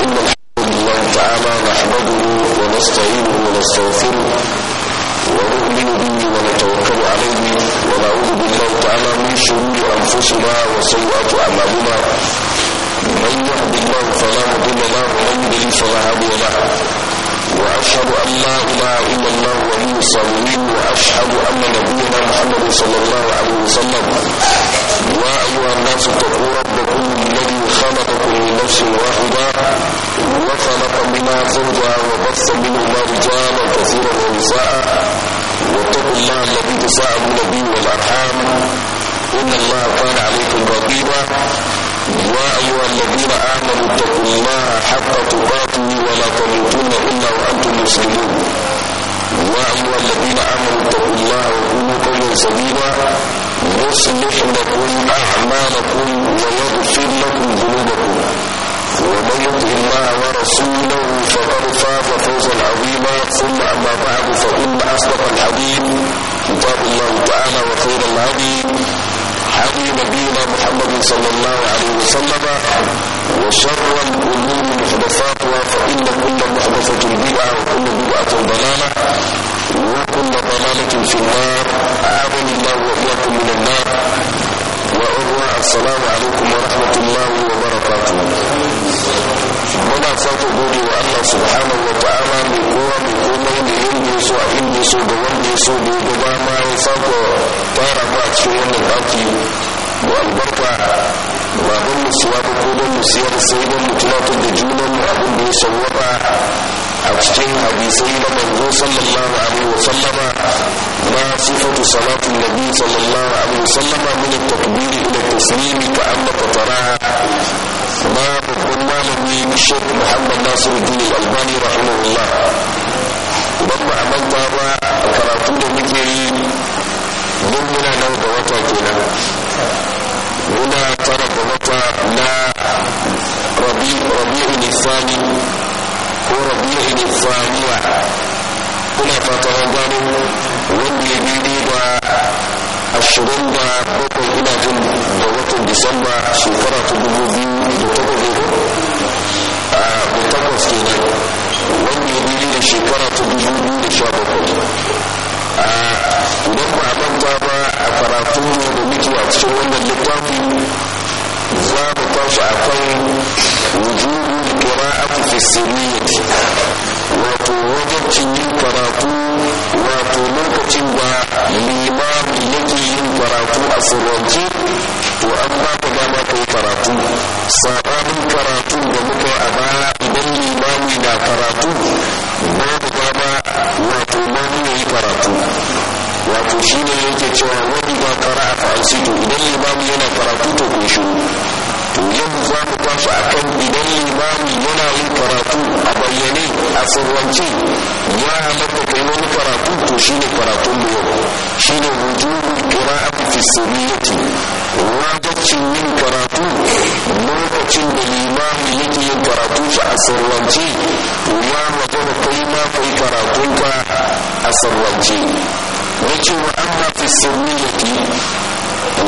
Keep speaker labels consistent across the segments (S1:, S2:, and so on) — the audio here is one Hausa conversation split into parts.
S1: إن الحمد لله تعالى نحمده ونستعينه ونستغفره ونؤمن به ونتوكل عليه ونعوذ بالله تعالى من شرور أنفسنا وسيئات أعمالنا من يهد الله فلا مضل له ومن يضلل فلا هادي له وأشهد أن لا إله إلا الله ولي الصالحين وأشهد أن نبينا محمد صلى الله عليه وسلم يا أيها الناس اتقوا ربكم الذي خلقكم من نفس واحدة وخلق منها زوجها وبث منهما رجالا كثيرا ونساء واتقوا الله الذي تساءلون به والأرحام إن الله كان عليكم رقيبا يا أيها الذين آمنوا اتقوا الله حق تقاته ولا تموتن إلا وأنتم مسلمون يا أيها الذين آمنوا اتقوا الله وكونوا قولا سديدا يصلح لكم أعمالكم ويغفر لكم ذنوبكم ومن يطع الله ورسوله فقد فاز فوزا عظيما ثم أما بعد فإن أصدق الحديث كتاب الله تعالى وخير الهدي هدي نبينا محمد صلى الله عليه وسلم وشر الأمور محدثاتها فإن كل محدثة بدعة وكل بدعة ضلالة وكل ضلالة في النار أعاذني الله وإياكم من النار وأرى السلام عليكم ورحمة الله وبركاته muna fata gode wa Allah subhanahu wa ta'ala mai kowa mai komai ne inda so a inda so da wanda so da ya gaba ma ya sako fara ba a cikin wannan ɗaki da albarka ba don mu siya ba ko don mu siyar sai don mu tunatar da junan mu abin da ya sawwaba a cikin hadisai na manzo sallallahu alaihi wa sallama ma sifatu salatin nabi sallallahu alaihi wa sallama min at-takbir ila at-taslim ka annaka taraha ma babban malami Sheikh Muhammad Nasir Dini Albani rahimahullah idan ba a ba karatu da muke yi Mun muna nan da wata kenan muna tara da wata na rabi'u nisani ko rabi'in zaniya kuna fata gano wanda ya bi da ashirin da bakwai ina jin da watan disamba shekara ta biyu da takwas da takwas kenan wanda ya bi da shekara ta dubu biyu da sha bakwai idan ba a manta ba a karatu ne da muke a cikin wannan littafi za mu tashi a kan wujudu alƙura'atu fi sirriyati wato wajabcin yin karatu wato lokacin da limami yake yin karatu a sirrance to an ba ka dama ka yi karatu saɓanin karatu da muka yi a baya idan limami na karatu babu dama wato mani ya yi karatu wato shi ne yake cewa wani ba kara a fa'ansu to idan limami yana karatu to kun shiru to yadda za mu tashi a kan idan limami yana yin karatu a bayyane a sirrance ya halatta kai wani karatu to shi ne karatun da yau shi ne wujudu qira'ati fi sirriyati wajibcin yin karatu lokacin da limami yake yin karatu shi a sirrance to ya magana kai ma kai karatunka a sirrance wace wa amma fi sirriyati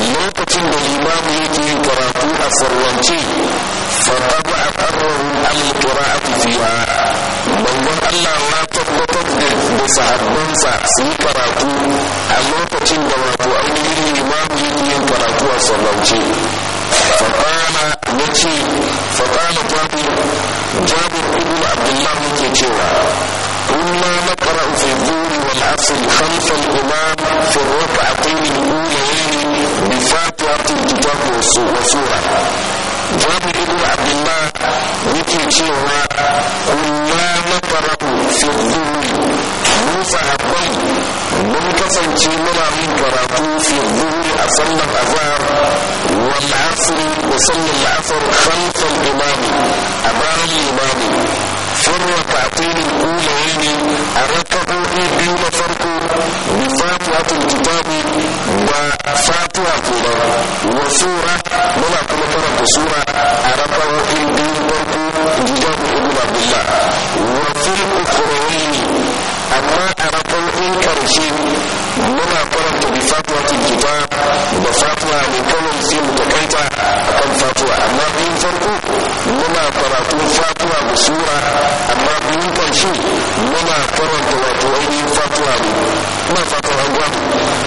S1: lokacin da limamu yake yin karatu a sarrance faqad aqarrahu al-qira'atu fiha bangon Allah ya tabbatar da sahabbansa su yi karatu a lokacin da wato ainihin limamu yake yin karatu a sarrance فقال نتي فقال جابر جابر ابن عبد الله كيتشوى كنا نقرا في الظهر والعصر خلف الامام في الركعتين الاوليين بفاتحة الكتاب وسورة جابر بن عبد الله يكي cewa كنا نقرأ في الظهر mu sahabbai mun kasance muna yin karatu fi zuhuri a sallar azhar wal asr wa sallar asr khalfal imam a bayan imami sirra ta'tilil ulayaini a rakkabobi biyu na farko bi fatihatul kitabi ba fatiha ko ba wa sura muna kuma karanta sura a biyu farko in ji ibn abdullah wa fil ukhrayn amma a rakkabobi karshe muna karanta bi fatuwa kita da fatuwa ne kawai sai mu takaita akan fatuwa amma biyun farko muna karatu fatuwa da sura amma biyun karshe muna karanta wato ainihin fatuwa ne ina fatan an gwamu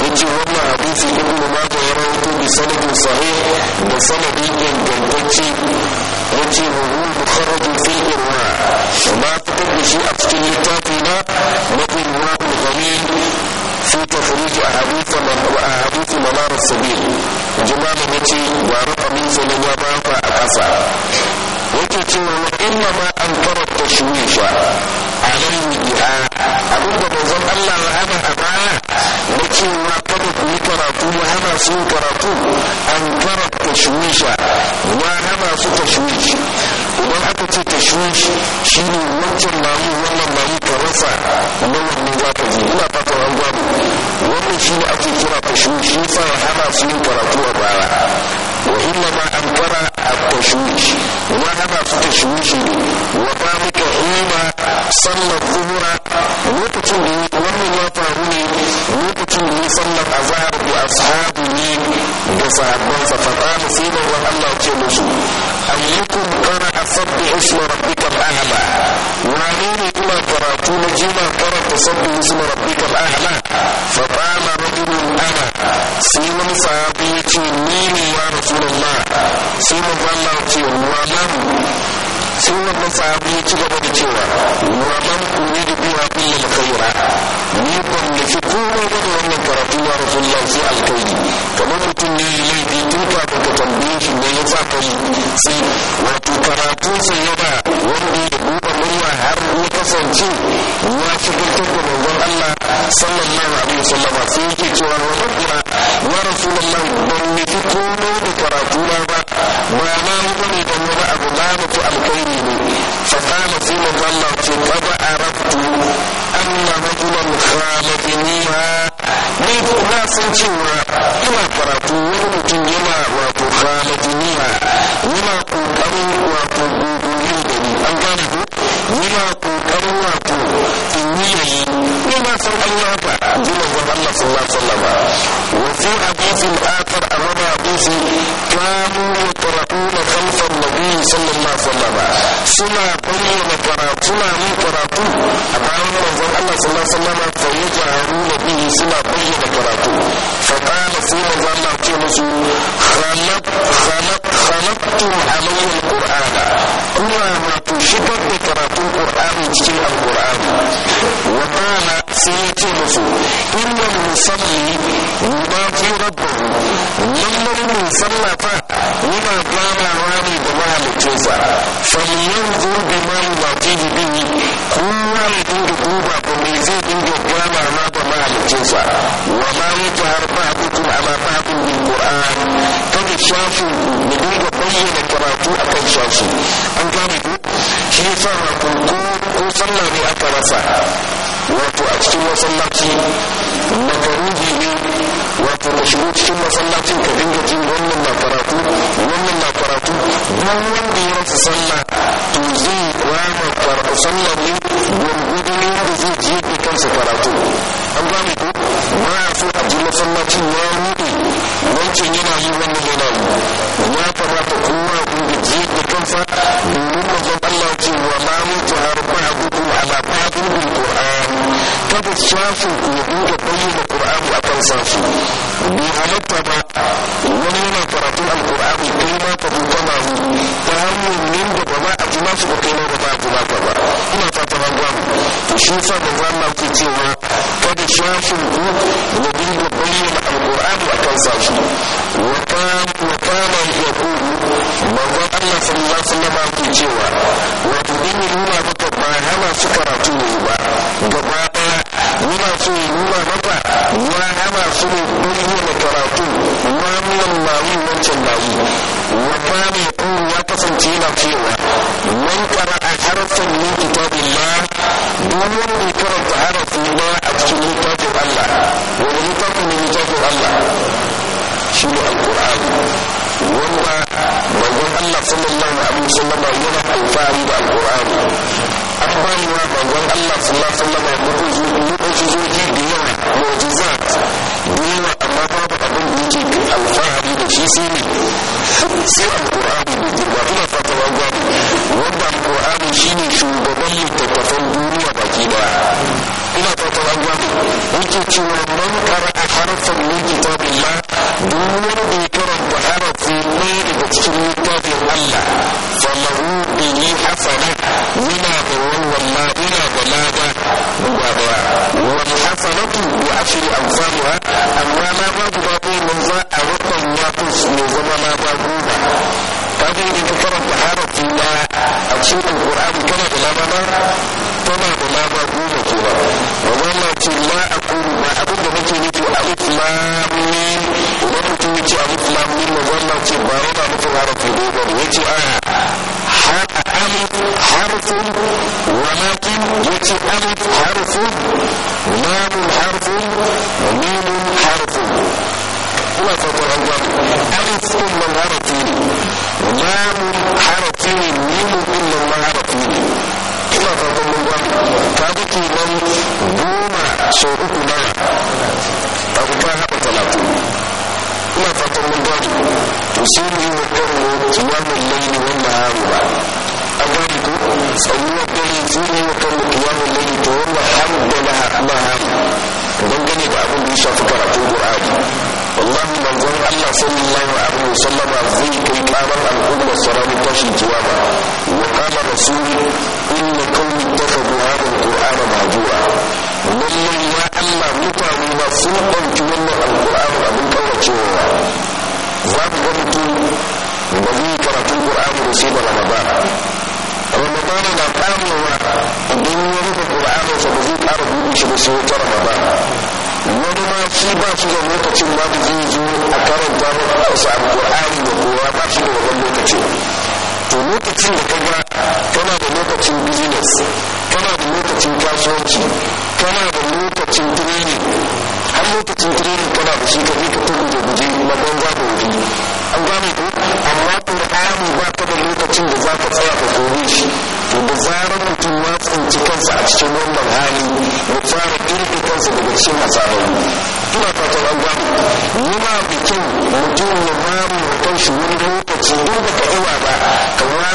S1: yace wannan hadisi ibn majah ya rawaito bi sanadin sahi da sanadin ingantacce ce wani mukharrajun fil irwa ma fitar da shi a cikin littafi na mafi ruwa al-ghamid في تخريج أحاديث أحاديث منار السبيل جمال التي وارق من سلم وضعف أقصى وكتير إنما أنكر التشويش على المدعاء أبدا بزن الله وهذا أبعاء لكن ما قدت لكراتو وهذا سوء كراتو أنكر التشويش وهذا سوء تشويش idan aka ce ta shushi shi ne wancan mamu wannan mamu ka rasa wannan za ka ina fatan an gwamu wannan shi ne ake kira ta shushi sa hana su yin karatu a baya wa inna ma an fara a ta hana su ta wa ba muka hima sallar zuhura lokacin da wannan ya faru ne lokacin da ya sallar azhar da ashabu ne da sahabbansa fa sai da Allah ce musu ayyukum qara'a sabbihu isma al a'la wane ne kuma karatu na jima karanta sabbihu isma al a'la fa qala rajulun ana sai wani sahabi ya ce ni ne ya rasulullah sai manzo Allah ya ce wa sai wannan sahabi ya ci gaba da cewa wa man uridu biha illa alkhaira ni ban nufi komai kuma da wannan karatu ya rasulullah sai alkhairi kamar mutum ne ya laifi tun kafin ka tambaye shi ne ya sa ka yi sai wato karatu sai ya ba wanda ya buɗe murya har ya kasance ya shigartar da manzon Allah sallallahu alaihi wasallama sai yake cewa wa rabbuna ya rasulullah ban nufi kuma da karatu ba ba ma ma ne ban wani abu ba mutu alkhairi الرجل فقال في مظلة قد عرفت أن رجلا خالفنيها wani mutum yana yi haka a sallallahu sallama suna bayyana karatu na yin karatu a bayan manzon Allah sallallahu alaihi wasallam sanyi jaharu da bihi suna bayyana karatu fatala sai na zama ce musu khalaqtu alayhi alqur'ana kuma na to shikar da karatu qur'ani cikin alqur'ani wa kana sai ya ce musu inna musalli ma fi rabbihi lamma min salla fa yana gama rabi da malikinsa falyanzur bima yuwatihi bihi kowa ya dinga duba ko me zai dinga kiyama ma da mahalicinsa wa ma yajhar ba'dukum ala ba'din bil qur'an kada shafu mu dinga bayyana karatu akan shafu an gane ku shi yasa ma ko ko sallah ne aka rasa wato a cikin masallaci makaruhi ne wato na shigo cikin masallacin ka dinga jin wannan na karatu wannan na karatu duk wanda ya rasa sallah to zai rama sallah ne gwargwadon yadda zai je kansa karatu an gane ko ba a so a ji masallaci ya nuɗe wancan yana yi wannan yana yi ya kamata kowa ji da kansa domin manzon Allah ce wa kada ya dinga bayyana qur'ani akan safu bi halatta ba wani yana kai ma rubuta ta hanyar nasu kokarin da ba ku ba ku ba ina fata ba gwamu to shi sa da za mu ke cewa kada shafin ku da dinga bayyana alqur'ani akan sashi wa kam wa kama ma manzo Allah sallallahu alaihi wasallam ke cewa wa tudini nuna maka ba hana su karatu ne ba gaba daya yana so ya nuna maka ya hana su ne na karatu wannan lawi wancan lawi wa kama yaqulu ya kasance yana cewa man qara'a harfan min kitabillah duk wanda ya karanta harafi na a cikin littafin Allah wani littafi ne littafin Allah shi ne alqur'ani wanda manzon Allah sallallahu alaihi yana alfahari da Allah sallallahu alaihi wasallam ya mutu mu'jizoji da yawa mu'jizat yawa amma babu abin da yake alfahari da shi sai ne sai jirga ina fata ba gwani wanda alƙur'ani shine shugaban littattafan duniya baki daya ina fata ba yake cewa man qara'a harfan min kitabillah duk wanda ya karanta harafi ne daga cikin littafin Allah falahu bihi hasana yana da wannan ma da lada guda daya wal hasanatu wa ashru amsalha amma ma babu babu mun za a rubanya kun su ne zama ma ba kagan idan karanta harafi na a cikin qur'ani kana da labana tana da laba goma kenan wanda ce la aqulu ba abin da nake nufi alif lam mim idan mutum ya ce alif lam mim wanda ce ba yana nufin harafi ne ba ya ce a alif harf wa lakin ya ce alif harf lam harf mim harf ina fatan an gano alif din nan تفسيره قيام الليل والنهار أذلك فهو تنزيله وكان قيام الليل فهو حمد لها نهار dangane da abin da ya shafi karatun Qur'ani wallahi manzon Allah sallallahu alaihi wasallam zai kai karar al'umma salamu tashi kiyama wa qala rasul inna qawmi ittakhadhu hadha al-qur'ana mahjura wallahi ya Allah mutane ba sun ɗauki wannan al-qur'ani abin kawacewa za ku ga ba zai karatun ƙur'ani da sai ba ramadan ramadan na kamewa idan ya rufe ƙur'aninsa ba zai ƙara buɗe shi ba sai wata ramadan wani ma shi ba shi da lokacin ba da zai zo a karanta masa alƙur'ani da kowa ba shi da wannan lokacin to lokacin da ka ga kana da lokacin business kana da lokacin kasuwanci kana da lokacin training har lokacin ilimin kana da shi ka ka tudu da guje na banza da wuri an gane ko amma qur'ani ba ta da lokacin da za ka tsaya ka kore shi to da zarar mutum ya tsinci kansa a cikin wannan hali ya fara kirki kansa daga cikin matsaloli ina fatan an gane yana da mutum ya mamu kan kanshi wani lokaci duk da ka iya ba kamar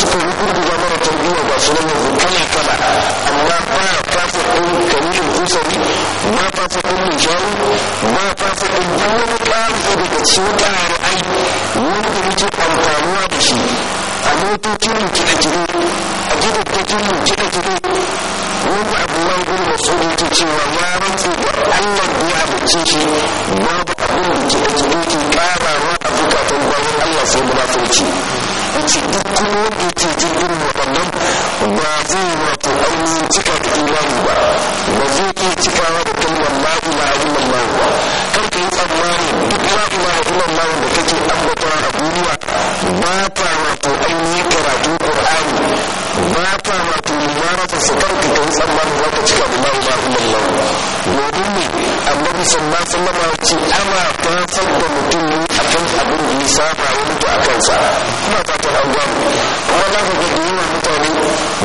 S1: su ko gurguza mara tarbiyya ba su nan kala kala amma ba fasa ɗin kamilin kusari ba fasa ɗin nijaru ba fasa ɗin duk wani daga cikin ƙarar ai wanda muke amfanuwa da shi a motocin mu kiɗa kiɗe a gidajen mu kiɗa kiɗe wanda abu ya gudu da su ne ke cewa ya rantsu da allah ya abinci shi babu Gracias.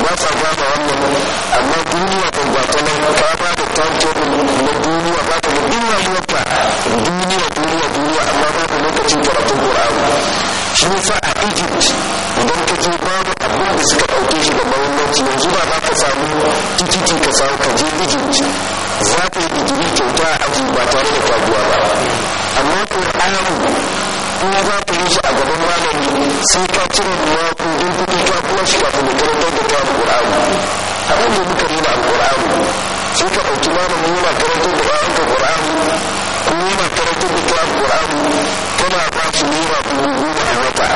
S1: ba ta gaba wannan amma duniya ta gata nan ta ba da timetable na duniya ba ta duk rayuwarta duniya duniya duniya amma ba ta lokacin karatun qur'ani shi yasa a egypt idan ka je babu abin da suka ɗauke shi da mahimmanci yanzu ba za ka samu tikiti ka samu ka je egypt za ka yi digiri kyauta a aji ba tare da faduwa ba amma qur'ani in za ta yi shi a gaban malami sai ka cire ruwa ko don kuɗi ta kuma shi kafin da karantar da ta alƙur'ani abin da muka nuna alƙur'ani sai ka ɗauki malamin yana karantar da ƴaƴanka ƙur'ani ko yana karantar da ta alƙur'ani tana ba su naira ko goma a wata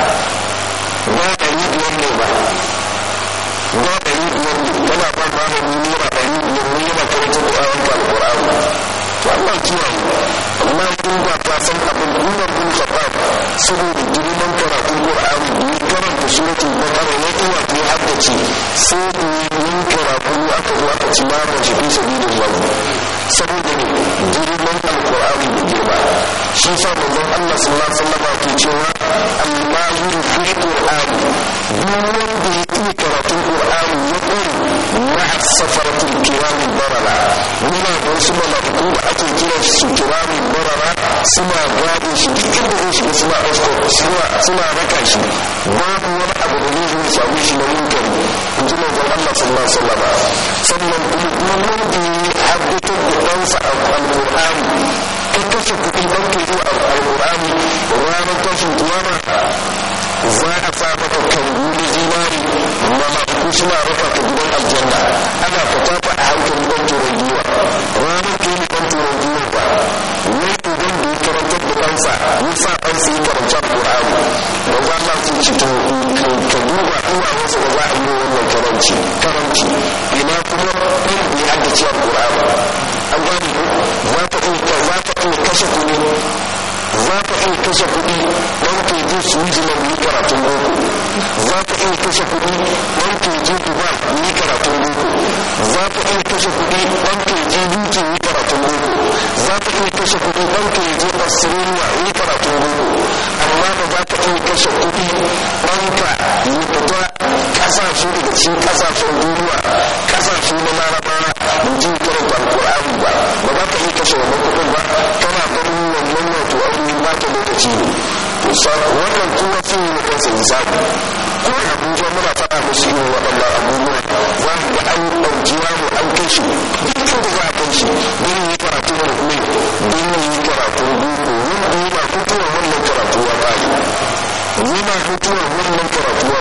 S1: ba yi biyar ne ba ba ɗari biyar ne tana ba malami naira ɗari biyar ne yana karantar da ƴaƴanka alƙur'ani to Allah kiyaye amma kun ba ta san abin Umar bin Khattab saboda girman karatun Qur'ani ne karanta suratul Baqara ne kuma ko ce sai da yin karatu aka zo aka ci ba ka ci fi sabilillah saboda ne girman alkur'ani da girma shi sa Allah sallallahu alaihi wasallam ke cewa al-mahir fil duk wanda ya karatun qur'ani ya ƙware na safaratul kiram barara muna da wasu malaku ake kira su kiram barara suna gadin shi suna suna suna raka shi babu wani abu da zai samu shi na munkari in ji manzon Allah sallallahu alaihi wasallam sannan duk wanda ya uwansa a alƙur'ani ka kashe kuɗi don ka yi wa alƙur'ani ranar tashin kiyama za a sa maka kanguli zinari mala'iku na rufa ka gidan aljanna ana fata fa a hankali don turan giwa ranar kiyama don turan giwa ba wani uban da ya karantar da ɗansa ya sa ɗansa ya karanta alƙur'ani ba za ma su ci to ka duba uwayensa ba za a yi karanci karanci ina kuma ɗan ne haddace alƙur'ani an gane ku za ta iya za ta iya kashe kuɗi za ta iya kashe kuɗi ɗan ke je switzerland ni karatun boko za ta iya kashe kuɗi ɗan ke je dubai ni karatun boko za ta iya kashe kuɗi ɗan ke je uk ni karatun boko za ta iya kashe kuɗi ɗan ke je australia ni karatun boko amma ba za ta iya kashe kuɗi don ka yi fita kasashe daga cikin kasashen duniya kasashe na larabawa mun ji karanta qur'ani ba ba za ka yi kashe kuɗin ba kana ganin wannan wato ainihin ba ta lokaci ne to sai wannan kuma ne ko abuja muna faɗa musu irin waɗannan abubuwa za mu ga an ɗauki yaro an kai shi duk za a kai shi don yi karatu da kuma don yi karatu yi da kuma wannan karatu ya yana fitowa wannan karatuwa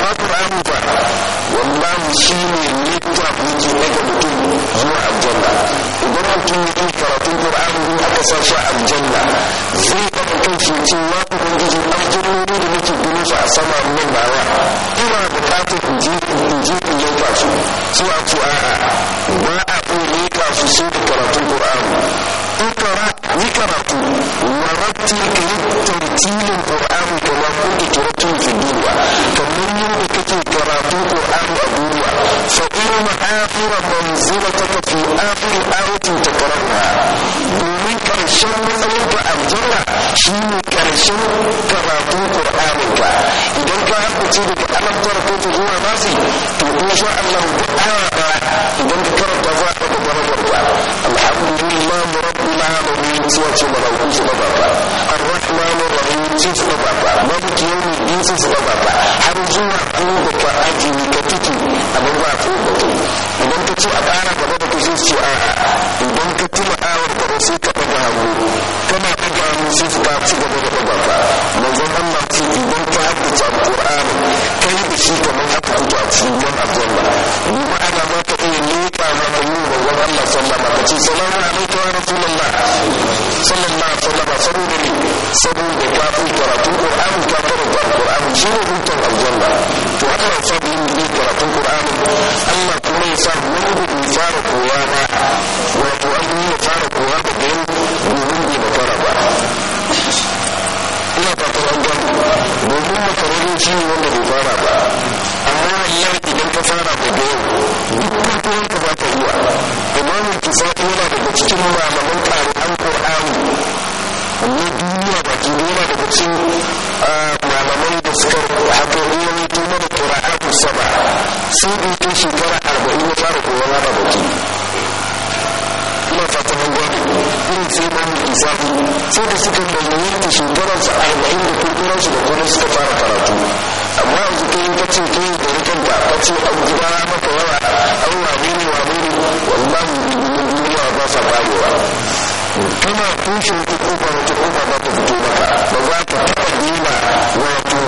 S1: babu amma ƙur'ani ba wallahi shi ne littafin ne daga mutum zuwa aljanna idan mutum ya yi karatun ƙur'ani in aka sa shi aljanna zai ɗaga kan shi ce ya fi ubangiji aljannomi da nake ganin su a sama nan nawa ina buƙatar in je in je in yanka su sai a ce a'a ba a iya yanka su sai da karatun ƙur'ani ikra yi karatu wa ratti ka yi tartilin qur'ani kama kunta turatun fi dunya kamar yadda kake karatu qur'ani a duniya fa inna akhira manzilataka fi akhir ayatin takrarha domin karshen matsayinka aljanna shine karshen karatu qur'ani alƙur'anin ka idan ka alam zuwa nasi to in sha Allah ba idan ka karanta za ka ga alhamdulillah rabbil alamin ce su ba ba arrahman su ba ba maliki yawmi din su ba ba har zuwa da ka ajiye ka tiki abin ba ko ba idan ka ce a ƙara gaba da ku sai ce idan ka tuna awar gaba sai ka hagu kana ci gaba da ɗaga ba manzon Allah ce idan kai da shi kamar haka kuke a cikin ruwan aljanna kuma ana maka iya leƙa maka yi wa wani Allah sallama ka ce salamu alaikum wa rasulullah sallallahu alaihi wasallam saboda ne saboda ka fi karatun qur'ani ka karanta alqur'ani shi ne hutun aljanna to haka ya sa da yin karatun qur'ani Allah kuma ya sa wani gudu fara koya ba wato an yi fara koya ba da yin domin bai makara ba ina fatan an gani domin makaronin ciwo wanda bai fara ba amma wallahi idan ka fara da da duk dukkan tuwon ka za ka iya imamun kisa'i yana daga cikin malaman an qur'ani ne duniya baki ne yana daga cikin ah, malaman da suka haka ruwan tumar qur'ani saba sai da yake shekara arba'in ya fara koyon hada baki ina fatan an irin sai ma mu isa sai da suka bayyana shekarar su arba'in da kuma su da kuma suka fara karatu amma yanzu kai ka ce kai da rikan ka ka an gida maka yawa an wane ne wane ne wallahi duniya ba sa barewa kana tushen ta kofar ta ba ta fito maka ba za ka taɓa nuna wato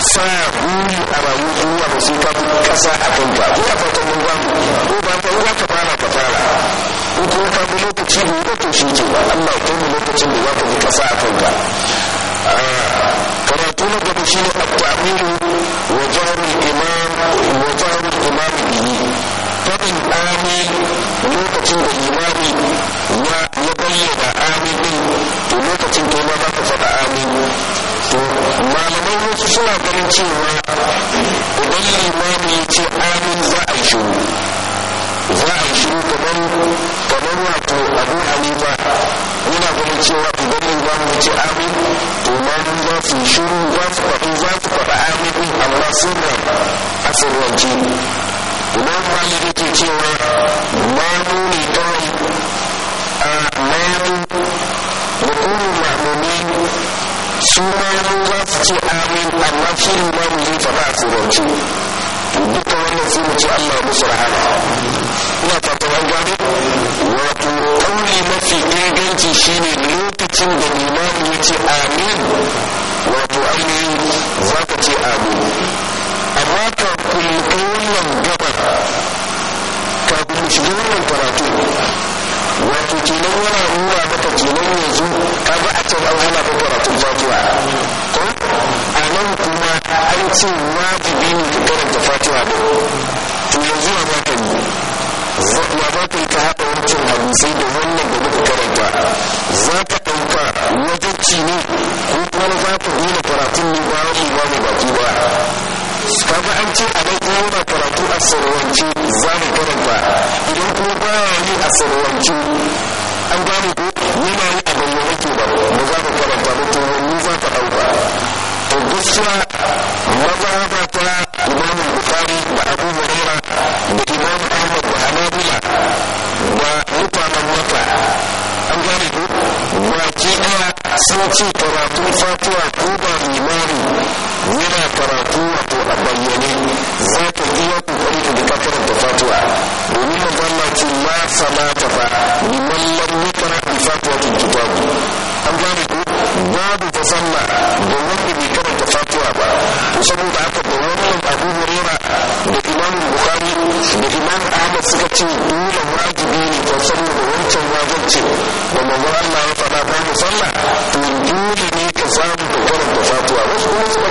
S1: sa huri a rayu zuwa da sai ka kasa a kanka ko a farkon ruwa ko ba ta ruwa fara fara kuma bi lokaci da ya to shi ke ba Allah ya kai lokacin da kasa a kanka karatu na gaba shi ne at-ta'miru wa imam imam faɗin amin lokacin da limami ya ya bayyana amin din to lokacin to ma amin to malaman wasu suna ganin cewa idan limami ya ce amin za a yi za a yi kamar kamar wato abu hanifa yana ganin cewa idan limami ya ce amin to malamin za su yi shiru za su za su amin din amma suna asirwanci imam malik yake cewa mamu ne kawai a mamu da kuma ma'amumi su mamu za amin amma firin mamu zai faɗa a tsoronci duka wannan sai mu ce allah musu rahama ina fatan wato kauli mafi inganci shine lokacin da limamu ya ce amin wato ainihin za ka amin amma ka mu kai wannan gabar kafin mu shiga wannan karatu wato kenan yana nuna maka kenan yanzu ka ga a can an hana ka karatun fatiha ko a nan kuma an ce wajibi ne ka karanta fatiha da to yanzu ya baka yi ya baka yi ka haɗa wancan hadisai da wannan da muka karanta sirwance za mu karanta idan kuma ba ya yi a sirwance an gane ko yana yi a bayyana ke ba mu za mu karanta ba to wani za ka ɗauka to gaskiya haka ta imam bukari da abu hurairah da imam ahmad da hanabila da mutanen mata an gane ko ke ɗaya sun ce karatun fatuwa ko ba limami yana karatu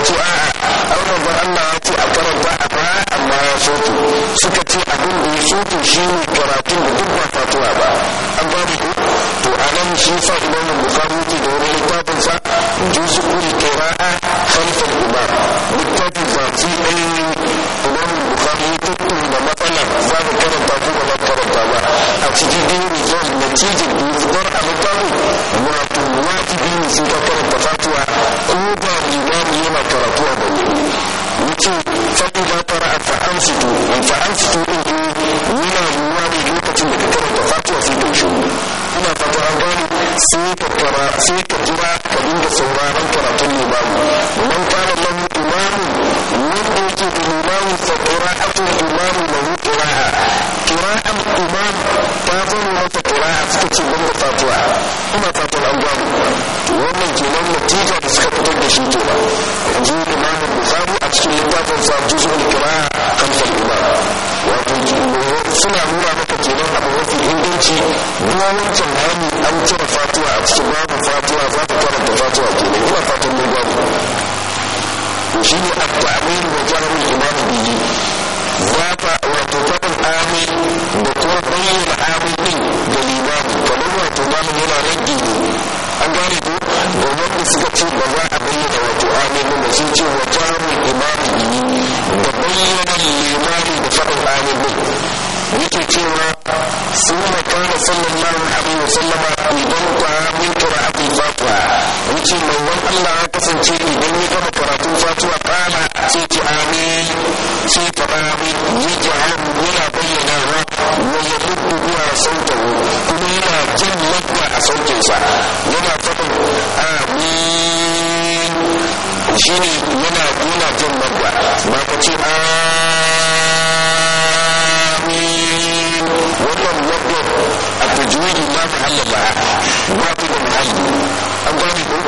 S1: ce a an rabbar Allah ya ce a karanta a ba amma ya soto suka ce abin da ya soto shi ne karatun da duk ba fatuwa ba an ba ku to a nan shi sa imamu bukari ke da wani littafin sa juzu kuri sauraron karatun limamu man kana lahu imamu wanda yake da limamu fa qira'atu imamu lahu qira'a qira'an imam ta zama mata qira'a suka ce gwamna fatuwa an wannan natija da suka fitar da shi kawo a cikin littafin sa juzul kira kamsal imam wato suna nuna maka kenan abu mafi inganci ruwa wancan bayani an cire fatuwa a cikin babu fatuwa za ka karanta fatuwa kenan ina fatan mun babu to shi ne at-ta'wil da jahr al biyu za ta wato fadin amin da kuma bayyana amin din da limamu kamar wato malam yana rage an gane ko domin da suka ce ba za bayyana wato amin da sai ce wa jami da bayyana da faɗin yake cewa sun makana sallallahu alaihi idan Allah ya kasance idan ya gama karatun fatiha kana sai ki amin sai ta amin yana bayyana wa wa yaddu biya kuma yana jin a sautinsa yana faɗin amin shi ne yana nuna jin magwa ba ka ce amin wannan magwa a tajwidi ma ta halla ba ba ta da muhalli an gane ko abin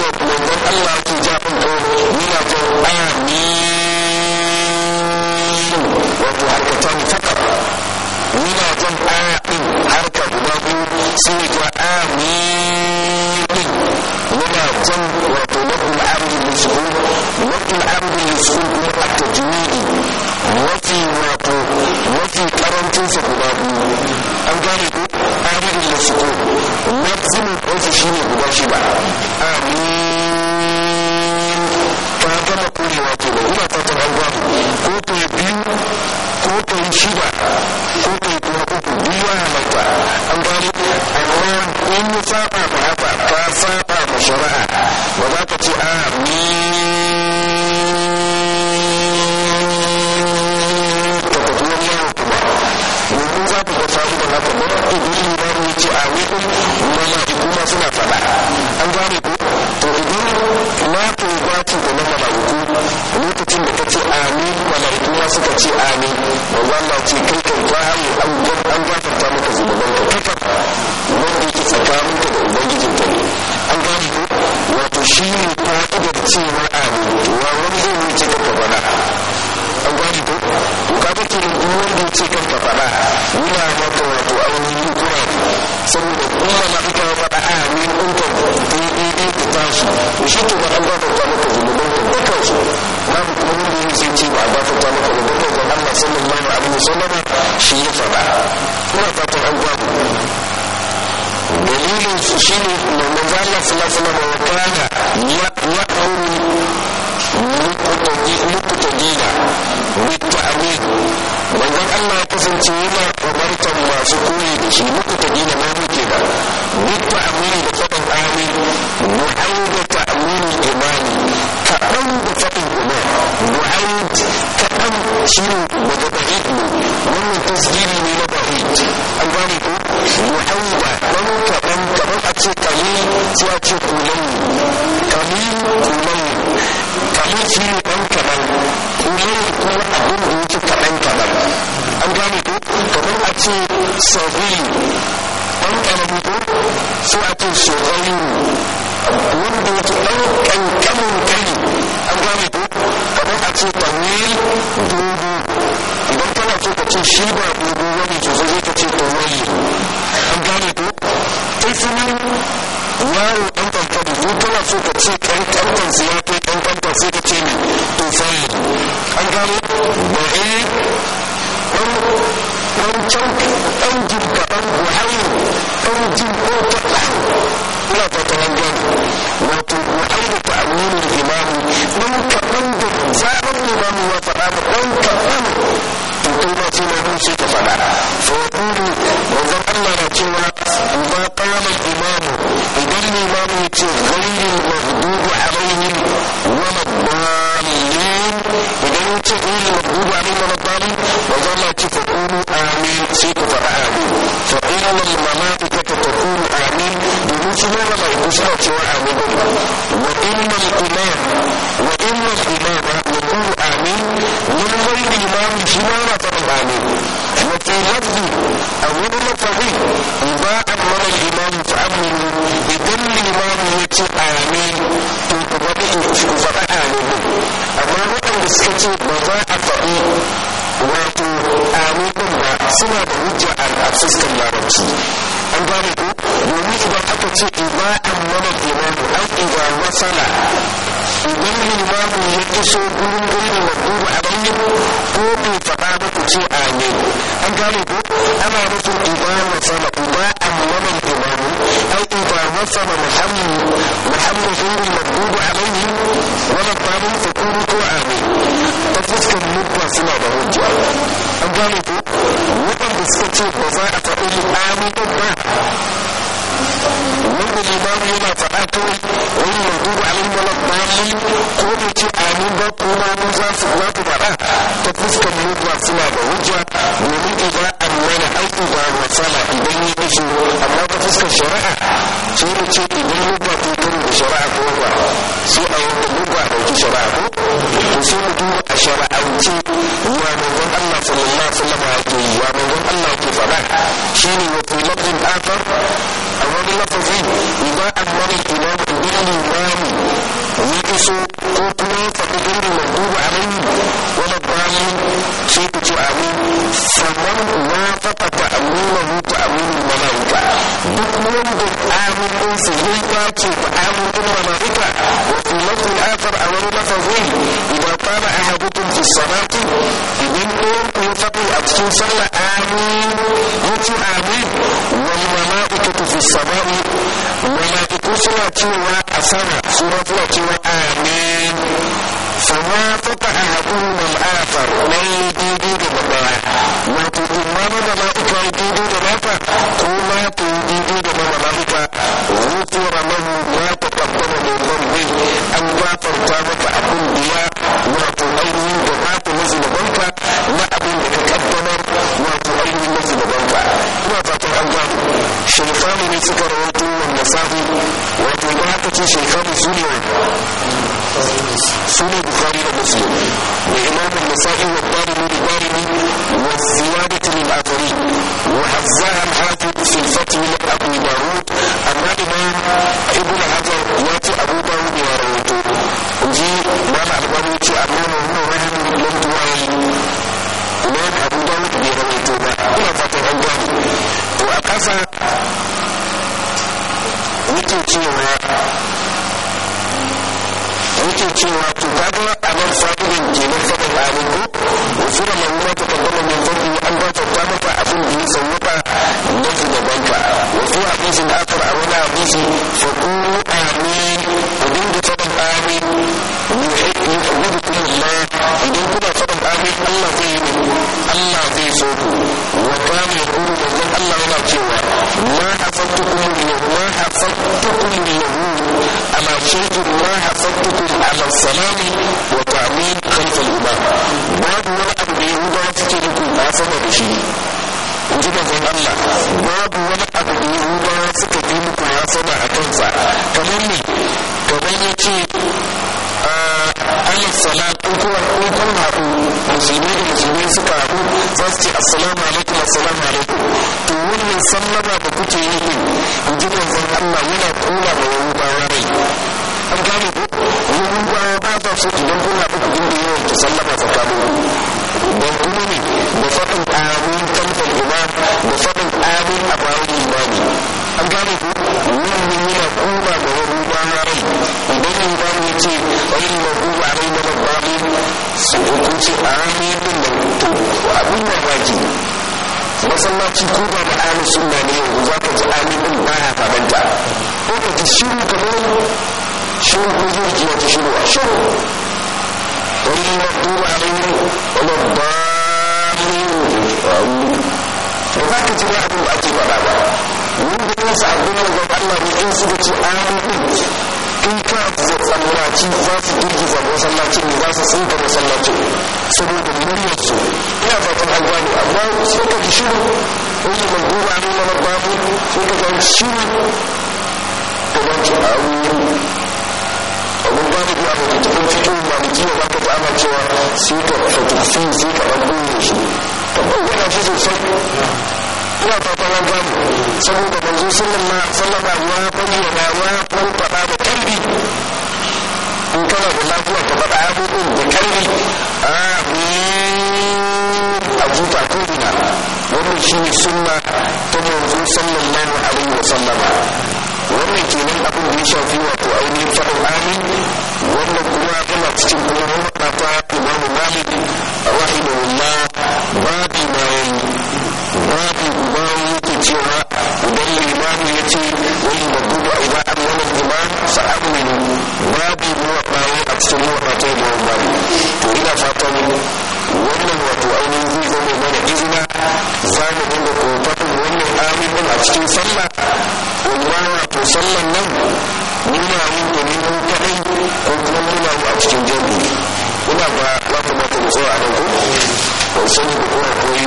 S1: da manzon Allah ke jafin ko yana jin amin wato harkatan fakar yana jin amin harka guda biyu sai ya amin yana jin wato lakul amin shi ne wannan tasiri ne na bahid an gane ko kaɗan kaɗan a ce ce shi ne kaɗan kuma abin da kaɗan kaɗan an gane ko a ce sabili ko a ce wanda kai an gane ko kamar a ce tawil dogo idan kana so ka ce shi ba dogo wani sosai zai ka ce an gane ko tafimin wawo ɗan kankani ko kana so ka ce kankantan su ya kai kankantan sai ka ce ne an gane ba eh ɗan can ɗan jin kaɗan wahayi ɗan jin ko ta. ina fatan an gani wato wa'anda ta amini da imamu ɗan kaɗan da zaɓen imamu ya faɗa ba ɗan kaɗan to kai ma ce na bin ce ka faɗa fa waɗanda wanzan Allah na cewa ba ƙalamar imamu idan imamu ya ce gairin mahdubu a rainin wani balin idan ya ce gairin mahdubu a rainin wani wanzan Allah ce fa ƙuru amin sai ka faɗa amin fa ƙuru wani mama malamu suna cewa abu gudu wa inna al-imam wa inna al-imama yaqulu amin min ghayri imam shi ma yana faɗin amin wa fi lafzi a wani lafazi idan amma al-imam fa aminu idan al-imam ya ce amin to ku faɗi ku faɗa amin amma waɗanda suka ce ba za a faɗi wato amin ba suna da hujja a fuskar larabci an gane ko domin idan aka ce idan an mana imamu ai idan wasala idan limamu ya iso gurin gurin wa duba abin yi ko bai faɗa ba ku ce amin an gane ko ana nufin idan wasala idan an mana imamu ai idan wasala muhammadu muhammadu mabubu alaihi wani tabin fakuru ko amin ta fuskar mutuwa suna da hujja an gane ko waɗanda suka ce ba za a faɗi amin ba wanda limamu yana faɗa kawai wani yanzu da alin da labbali ko da ce amin ba ko ma mun za su za ku faɗa ta fuskar mutuwa suna da hujja domin idan mana aiki ba masala idan yi musu amma ta fuskar shari'a sai da ce idan mutuwa ta karo da shari'a ko ba sai a wanda mutuwa ɗauki shari'a ko to sai mu a shari'ance wa manzon Allah sallallahu alaihi wasallam ya ke yi wa manzon Allah ke faɗa shine wa fi akar أو هذا إذا أمر الإمام بالإمام يجلس كوكما فقد غير المغضوب عليه ولا الضالين شيء تعامل فمن وافق تأمينه تأمين الملائكة بكم آمن أنس الهيكة تأمين الملائكة وفي اللفظ الآخر أو لفظ إذا قال أحدكم في الصلاة إذن أنت يفقه أبسوس آمين يتي آمين والملائكة في sama'i mala'iku suna cewa a sama su suna cewa amin fama ta a haɗin mal'afar na yi daidai da babaya wato imamu da ma'aikar daidai da mata wannan sallama da kuke yi ne in ji manzon Allah yana kula da wani bawa rai an gane ko wani bawa ba ta so idan kuna muku dinga yawan ki sallama tsakanin don kuma ne da faɗin amin tamfal imam da faɗin amin a bayan imami an gane ko wannan yana kula da wani bawa rai idan imam ya ce wani mabuwa rai na babbaɗi su hukunci amin din da to abin mamaki masallaci ko ba da ahlu sunna ne yanzu za ka ji amin din ba ya ko ka ji shiru ka ne shiru ko ji wata shiru a shiru wani duba magduba alaihim wani ba dalilin ba za ka ji ba abin da ake faɗa ba mun ga wasu abin da Allah ne in su suka ce amin din in ka tsallaci za su girgiza masallacin ne za su tsinta masallacin saboda muryar su ina fatan albani amma sun ka ji shiru wani mai goma ne na babu sun ka ga shiru da wanki a wuri abin babu ya ba ta cikin fito ba ka cewa sai ka sai ka ɗan gome shi ta bayyana shi sosai ina fatan an gamu saboda manzo sallallahu alaihi ya bayyana ya kwantaba da kalbi in kana da lafiya ka faɗa abubuwan da kalbi a a zuta ko ina wannan shi ne sunna ta manzo sallallahu alaihi wa sallama wannan kenan abin da ya shafi wato ainihin faɗin amin wannan kuma tana cikin kuma wannan ta imamu malik rahimahullah babi ma yayi rafi uba yake cewa idan limamu ya ce wani babu ba uba an wani zuba fa'amini babu ruwa bayan a cikin ruwa ta da wani babu to ina wannan wato ainihin zai zama mana izina za mu dinga kokarin wannan abubuwan a cikin sallah umma wato sallan nan nuna mu da nuna kadai ko kuma nuna mu a cikin jami'i ina ba za ku mata mu a nan ko ban sani da kuma koyi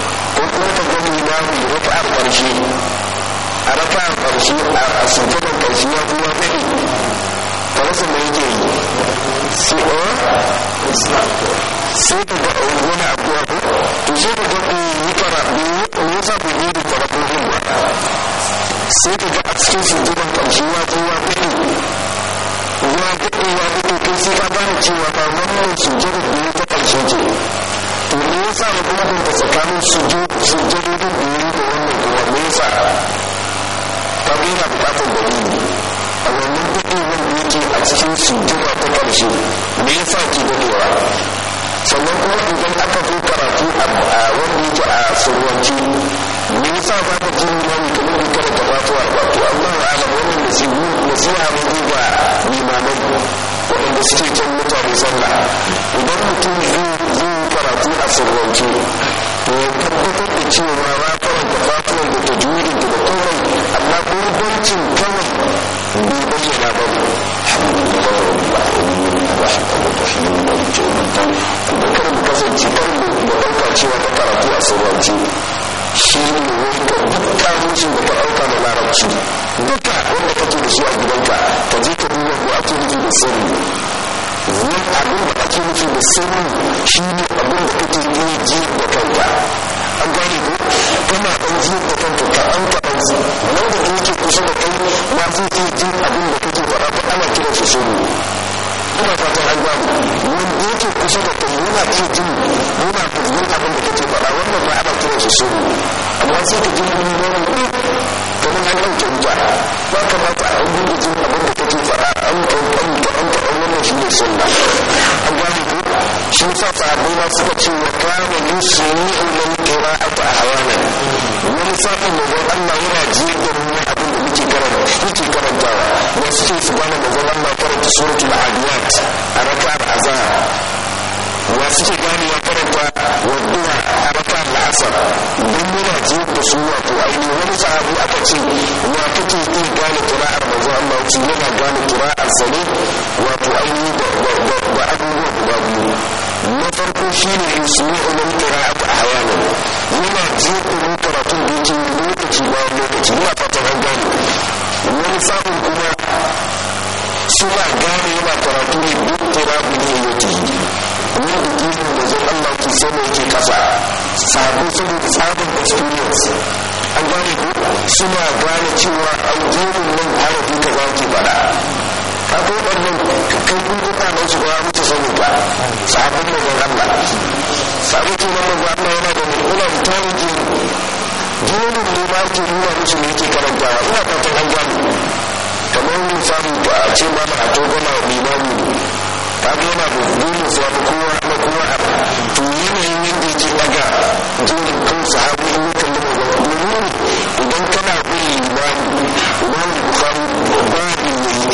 S1: raka'ar ƙarshe a raka'ar ƙarshe a sujjadar ƙarshe ya kuma ta mai yake yi sai o eh? sai ka ga wani abuwa ko to sai ka ga ku yi fara ku yi yasa ku yi da fara ko ba sai ka ga a cikin sujjadar ƙarshe ya kuma zai ya kuma ya kuma kai sai gane cewa ba wannan sujjadar da ya ta ƙarshe ce to me yasa ya sujud, tsakanin sujudin biyu da wannan kuma me yasa ke dadewa sannan kuma idan aka zo karatu a wanda yake a Allah alam wannan da nasiha ne zuwa karatu a sirrance to ya tabbatar da cewa ya karanta fatuwar da ta juri da komai amma bambancin kawai bai bayyana ba kuma kar mu kasance kar mu ɗauka cewa ta karatu a sirrance shi ne wanda duk abincin da ka ɗauka da larabci duka wanda kake da shi a gidanka ka je ka duba ko ake nufi da sirri ni abin da ake nufi da sirri shi ne abin da kake iya da kanka an gane ko kana ɗan jiyar da kanka ka an ka ɗan ji wanda da yake kusa da kai ba zai iya jin abin da kake faɗa ba ana kiran shi sirri ina fatan an gane wanda yake kusa da kai yana ke jin yana kuzgin abin da kake faɗa wannan ba ana kiran shi sirri amma sai ka ji wani ne kamar an ɗauke wuta ya kamata a yi gudun abin da kake faɗa an an an faɗa wannan shi ne sunna an gane ko shi sa sahabbai ma suka ce wa kana yusmi'u lil qira'ati ahwanan wani sa'in da Allah yana jiyar da mu abin da muke karanta muke karantawa wasu ce su gane da zan Allah karanta suratul adiyat a rak'ar azhar wa suke gane ya karanta wa duha arafa al'asar don muna ji da su wato ainihin wani sahabu aka ce wa kake iya gane kira'ar manzo Allah ce yana gane kira'ar sa ne wato ainihin da abubuwa guda biyu na farko shine in sumi ulum qira'atu ne. yana ji ulum karatu da yake lokaci bayan lokaci yana fatan an gane wani samun kuma suna gane yana karatu ne duk qira'atu ne yake amma da ikon kasa sabo saboda tsarin experience an gane ko suna gane cewa aljerin nan harafi ka za ke faɗa akwai waɗannan kai kun kuka nan su ba mutu saboda sabon mazan Allah sabon tunan mazan Allah yana da mutunan tarihin jerin ne ma ke nuna musu ne yake karantawa ina fatan an gane kamar misali ba a ce ma ba a togona wa limami kaga yana da gurin abu ba kowa ba kowa to yanayin yadda yake daga gurin kan sahabi in ya kalli ba domin idan kana bin limani imam bukhari babban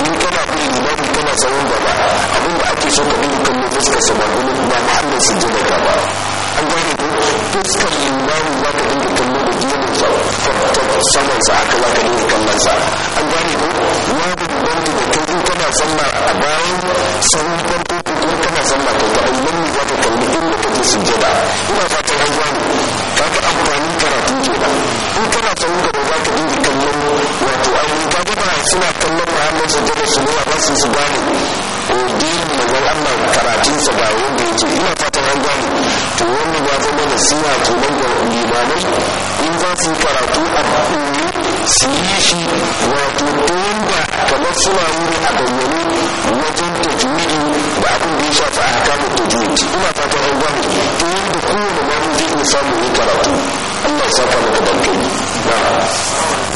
S1: in kana bin limani kana sauran gaba abin da ake so ka bin kalli fuskar sa ba gurin ba muhammad su je daga ba an gane ko fuskar limani za ka dinga kallo da gemun sa saman sa aka za ka dinga kallon sa an gane ko ya bambanta da kai in kana sallah a bayan sahun farko kuma kana sallah ta ga liman ne za ka kalli inda kake sujjada ina fatan an gane ka ga amfanin karatu kenan in kana sahun gaba za ka dinga kallon wato suna kallon muhammad sallallahu alaihi wasallam ba basu su gane odin oh, manzon Allah karatun sa ba wanda ce ina fata an gane to wannan ya zama nasiha to nan ga limamai in za su yi karatu a ɓoye su yi shi wato ta kamar suna wuri a bayyane wajen juyi ba abin da ya shafi a haka hakamun tajwidi ina fata an gane ta yadda kowane mamu zai iya samun yin karatu Allah ya saka maka dankali na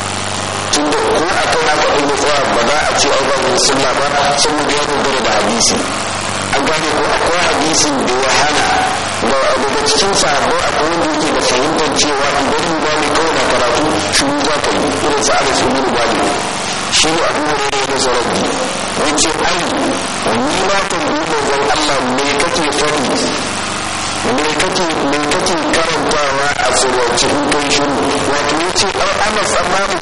S1: tunda ko a kai haka ɗin nutsuwa ba za a ce ai ba mu sunna ba saboda ya dogara da hadisi an gane ko akwai hadisin da ya hana da daga cikin sabo akwai wanda yake da fahimtar cewa idan mu ba mu kawai na karatu shuru za ka yi irin sa ala sunu ba ne shi ne abu da ya da sarari wace ai ni ma Allah me kake faɗi mai kake karantawa a tsirrace in kai shiru wato yace au ana tsammani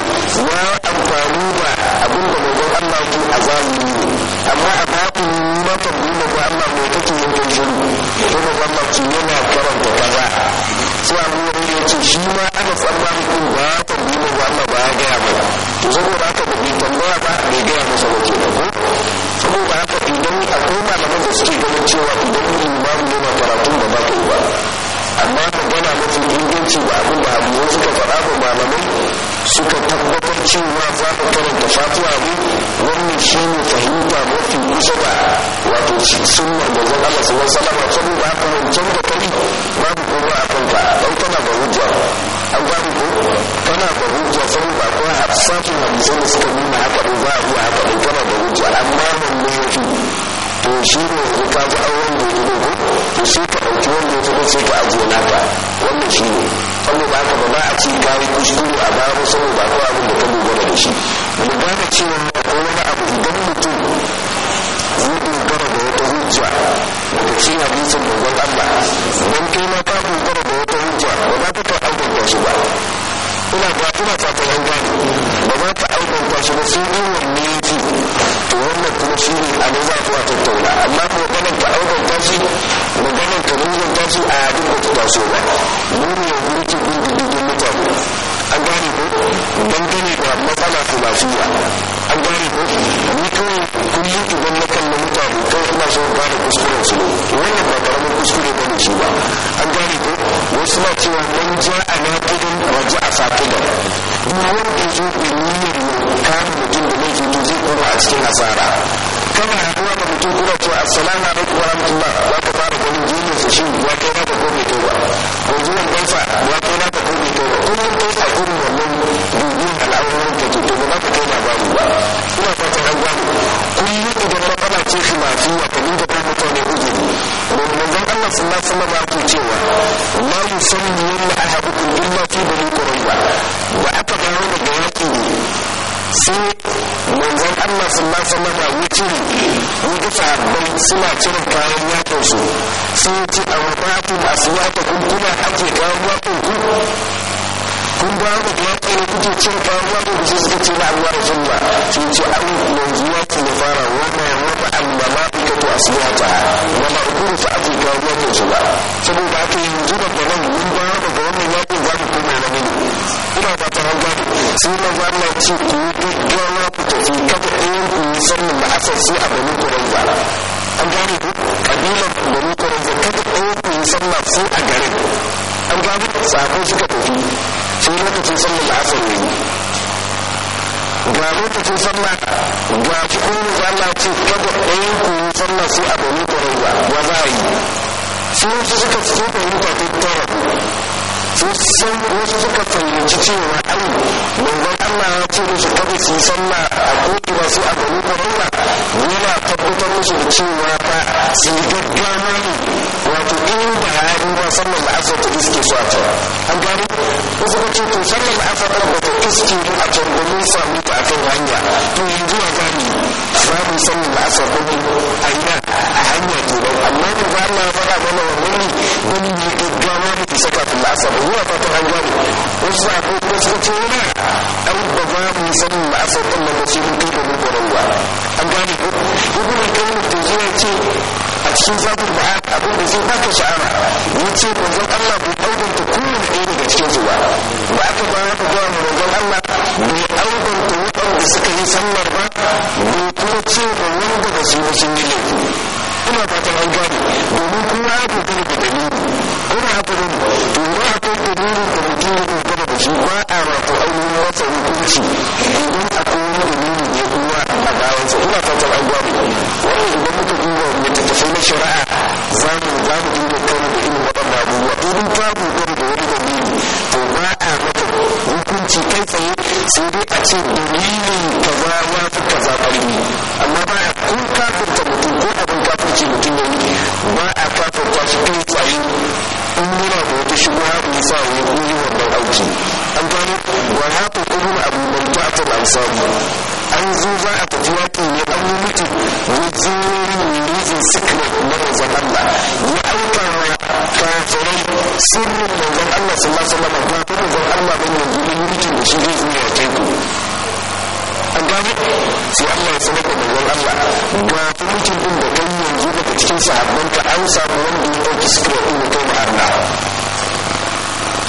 S1: ya amfani da abin da manzon Allah ke a zahiri ne amma a batin ma tambayi manzon Allah me kake yin kai shiru sai manzon Allah ke yana karanta kaza sai abu wani ya ce shi ma ana tsammani kun ba ya tambayi ba ba Allah ba ya gaya mai to saboda haka da bai tambaya ba bai gaya masa ba ke ko saboda haka idan akwai malaman da suke ganin cewa idan limamu yana karatun ba ba ka yi ba amma ka gana mafi inganci da abin da abu ka faɗa ba malamai suka tabbatar cewa za ka karanta fatiha ne wannan shi ne fahimta mafi kusa da wato sunna da zan Allah su wasu lama ba ka wancan da kai babu kuma a kanka ɗau tana ba hujja an gani ko tana ba hujja saboda akwai hafsafin hadisai da suka nuna haka ɗin za a iya haka ɗau tana ba hujja amma wannan ne to shi ne yanzu ka ji auren da ya ko to sai ka ɗauki wanda ya taɓa sai ka ajiye naka wannan shi ne wanda ba ka ba ba a ci ka kuskure a baya ba abin da ka dogara da shi mu gane cewa akwai wani abu idan mutum ya dogara da wata hujja daga cikin hadisin dogon Allah don kai ma ka dogara da wata hujja ba za ka taɓa aibanta shi ba ina ba ina fatan an ba za ka aibanta shi ba sai dai wanne yake to wannan kuma shi ne a za tattauna amma ko ganin ta auren tashi maganin ta nuna tashi a abin da ta taso ba mu ne yanzu muke mutane an gane ko dangane da matsala filafiya an gane ko ni kawai kullum idan na mutane kawai ina so gane kuskuren su ne wannan ba karamin kuskure ba ne shi ba an gane ko wasu na cewa man ja a naƙidan waje a faƙidan kuma wanda ya zo da niyyar kare mutum da jin a cikin asara kana haɗuwa da mutum kuma ce assalamu alaikum wa rahmatullah za ka fara ganin jini su shi ya kai na ka kome to ba ko zuwan gaisa ya kai na ka kome to ba kullum kai a irin wannan dubin al'amuran ka ke to ba ka kai labari ba ina fatan an gano kullum idan matsala ce shi masu wa ka dinga kai mutane uzuri manzan Allah sallallahu alaihi wasallam yake cewa la yusalli illa ahadukum illa fi bani wa yaki ne sai manzon Allah sallallahu alaihi wasallam ya in kusa sahabbai suna cire kayan yakin su sai ya a wadatu aswata kun kuna ake kayan yakin ku kun ba da yakin ne kuke cire kayan yakin ku sai suka ce na Allah rasulullah ya ce an yanzu yakin da fara wata amma ma ita to aswata wala ukuru ta ake kayan su ba saboda ake yanzu da nan mun ba da wannan yakin za mu koma na gani ina ba ta ranga na zama ce ku yi ɗayan ku yi sannan a zara an gane ku kabilar zara ɗayan ku yi sannan a garin an gane suka tafi sai lokacin sannan ga lokacin ga cikin ce ɗayan ku yi sannan a zara wa za a yi sun suka wasu wasu suka fahimci cewa ai manzon Allah ya ce musu kada su yi sallah a kotu ba a gari Madina yana tabbatar musu da cewa ba su yi gaggawa ne wato in da hali ba sallar la'asar ta iske su a can an gani wasu ka ce to ba ta iske mu a can domin sami ta a kan hanya to yanzu a gani babu sallar la'asar ɗin a ina a hanya kenan amma da ba na faɗa mana ne don yi gaggawa ne ta saka ta la'asar ba yana fatan an gani wasu abubuwa suka ce yana har ba za mu san la'asar ɗin nan ba sai mun kai domin goron ruwa an gane ko ibn al-qayyim tawziya ce a cikin zabul ba'ad abin da zai baka sha'awa yace manzon Allah bai aibanta kullum ɗaya daga cikin su ba ba aka ba ga manzon Allah bai aibanta waɗanda suka yi sallar ba bai kuma ce ba wani daga su yi sun ina fatan an gane domin kowa ya dogara da dalili ina haka ne to idan akwai dalilin da mutum ya dogara da shi ba a wato ainihin wata hukunci idan akwai wani dalili ne kuma a bayansa ina fatan an gane wannan idan muka duba littattafai na shari'a za mu za mu duba kan da irin waɗannan abubuwa idan ta dogara da wani dalili to ba a mata hukunci kai tsaye sai dai a ce dalilin kaza ya fi kaza ƙarfi amma ba a kun kafin ta mutum aka ce mutum ne ba a fafata shi kai tsaye in yana da wata shigo haɗin sa wani guri wannan aiki an gano wa haɗin kurin abu mai ta'atar amsali an zo za a tafi yaƙi ne an yi mutu ne wajen rizin sikret na manzan Allah ya aika wa kafirai sirrin manzan Allah sallallahu alaihi wasallam ba ta manzan Allah ba ne da yi mutu da shi zai zuwa kai ku sallallahu sai Allah ya sanar manzon Allah ga fulukin din da kai yanzu daga cikin sahabban ka an samu wanda ya dauki sikirar din kai ma Allah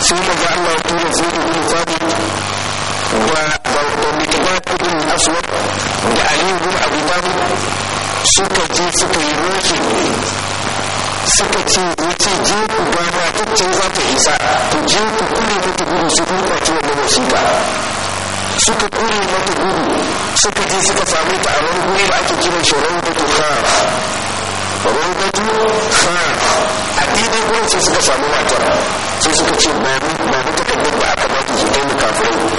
S1: sai manzo Allah ya tura zai da ibn Thabit wa da Mikdad ibn Aswad da Ali ibn Abi Talib suka je suka yi roki suka ce yace je ku ba ma taccen za ta isa ku je ku kure ta gudu su kuma ce wa musiba suka kure mata guru suka je suka samu ta a wani guri da ake kiran shi rawdatu khaf rawdatu khaf a daidai gurin sai suka samu matar sai suka ce ba mu takardar da aka baki su kai mu kafirai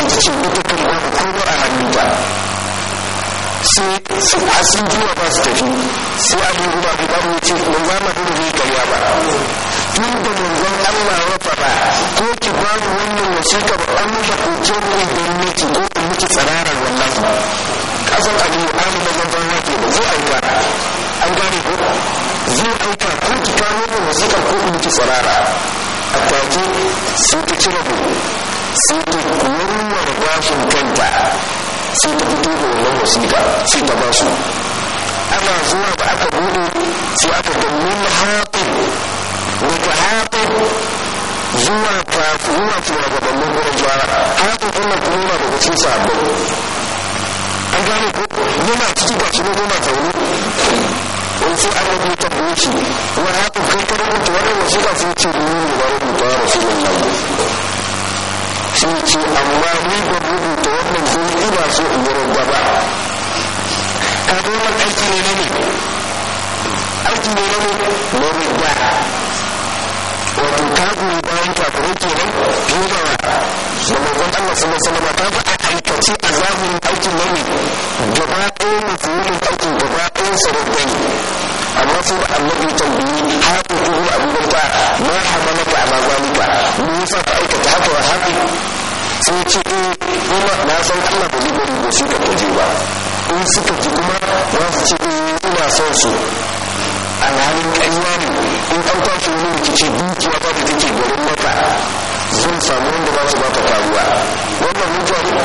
S1: sai ta ce ita kan babu komai a hannunta sai sun juwa ba su tafi sai abubuwa ba ba mu ce mun zama da zai karya ba abin da manzon Allah ya faɗa ko ki ba mu wannan wasiƙa ba an muka ko jirgin don ko in miki wannan kasan abin da da zai aika an gane ko zai aika ko ki wasiƙa ko tsarara a sai ta sai ta kanta sai ta fito da wannan wasiƙa sai ta ba su ana zuwa da aka buɗe sai aka haƙin وتعاطوا zuwa ta zuwa shugabannin wurin gyara haka kuma kuma yana daga cikin an gane ko yana ciki ba shi ne zaune sai an ta buci wa haka kai ka rubuta wannan wasiƙa sai ce ni ne ba rubuta wa rasulullahi sai ce amma ni ba rubuta wannan sai in yi ba ka zo aiki ne na ne aiki ne na ne na wato ta goyi bayan kafirai kenan fiye da manzon Allah sallallahu alaihi wasallam ta fa a aikace a zahirin aikin nan ne gaba ɗaya mafiyin aikin gaba ɗaya sarauta ne amma sai da annabi tambayi haɗu kuhu ta ma mu ka aikata haka wa haka sai ce eh kuma na san Allah ba zai bari ba shi ka je ba in suka ji kuma za su ce eh ina son su alhalin ƙarya ne in an tashi wani rikici dukiya ta da take garin maka zan samu wanda za su ba ta karuwa wannan hujja ne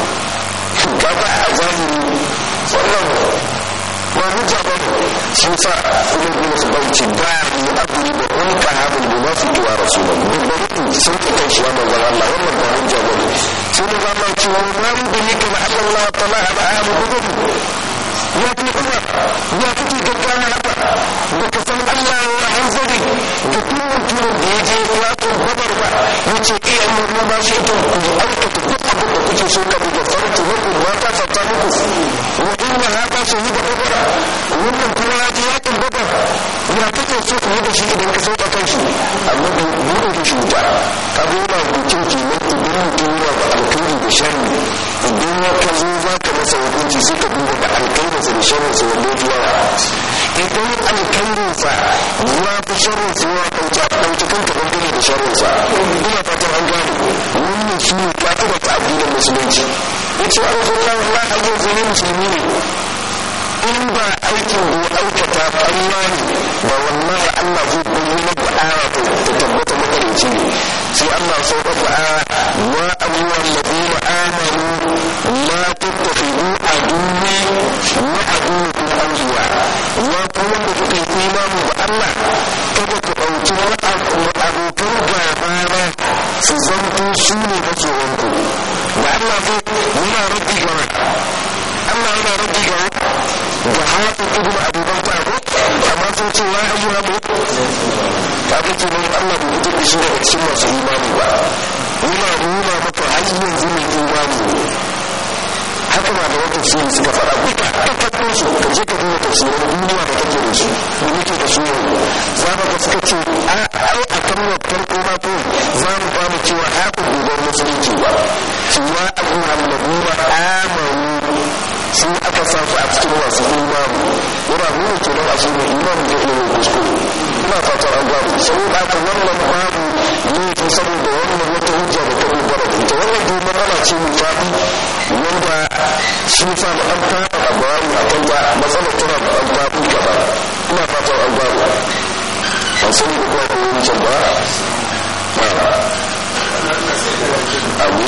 S1: gaba a zahiri wannan ba hujja ba ne shi sa kuma gina su bauci ba ni aburi da wani kahabin da mafi tuwa rasulun duk da mutum sun fi kan shiwa manzan Allah wannan ba hujja ba ne sai da zama cewa wani da yake na Allah ta la'a da ahabu gudun ya kai kuma ya kake gaggawa haka da ka san Allah ya hanzari da kuma mutumin da ya je ya ko gabar ba ya ce eh Allah na ba shi to ku auka ku duk abin da kuke so ka buga farko muku ya ta tsata muku wa inna wannan kuma ya je ya ko ya kake so ku da shi idan ka so ka shi. amma da buɗe da shi ta ka ba ku kirki ne idan mutum ya ba alkhairi da sharri idan ya ka zo za masa hukunci sai ka duba da sa da sharrinsa wanda ya fi yawa idan sa ya fi sa ya kauce a ɗauki kanka dangane da sa ina fatan an gane wannan shi ne kafin ta addinin musulunci ya ce an zo nan na hanyar zane musulmi ne in ba aikin da ya aikata ƙarya ne ba wallahi Allah zai kuma yi maka ara ta tabbata makarici ne sai Allah sauƙaƙa wa abubuwan ladina amanu la na aduwi wa aduwikum awliya wa kuma da kuka yi imani da Allah ku ɗauki abokan gaba na su zanto su ne da Allah ko rabbi gaba Allah yana rabbi gaba da haka Abu Bakr amma sun ce wa ka ga ke nan Allah bai fitar da shi daga cikin masu imani ba yana nuna maka har yanzu mai imani ne haka na da wata cikin suka faɗa duka ɗaukakon su ka je ka duba tafsirin duniya da kake da shi da muke da su yanzu za ka ga suka ce a ai a kan wa farko ma ko za mu fara cewa haka gobe musulunci ba cewa abu hamdulillah amanu sai aka sa a cikin masu imamu yana nuna kenan a cikin imamu da ilimin yin kuskure ina fatan an gano saboda haka wannan babu laifin saboda wannan wata hujja da ta dogara da ita wannan dai matsala ce mai faɗi wanda shi fa da an fara da bayani a kan ta matsalar tana da an faɗi gaba ina fatan an gano a sani da kuma kuma wancan ba abu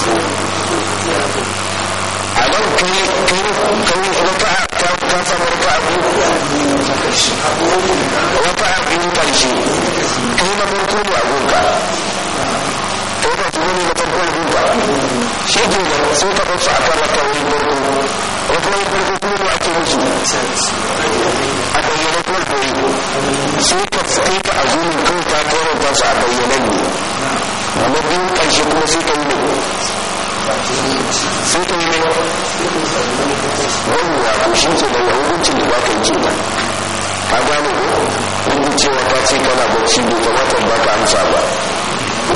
S1: a nan kai kai kai wata ta ta samu wata abu wata abu karshe kai na farko ne a gunka kai ba su gani na farko ne gunka shi ke nan sai ka ɗauki a kan wata wani farko wata wani farko kuma ne ake musu a bayyana kuma da yi sai ka kai ka a zuwa kai ta kawo ta su a bayyana ne amma biyu ƙarshe kuma sai ka yi ne sai ka yi ne wannan ko shi ke da yahudancin da ba ka yi kenan ka gane ko wanda cewa ta ce kana bacci bai kamata ba ka amsa ba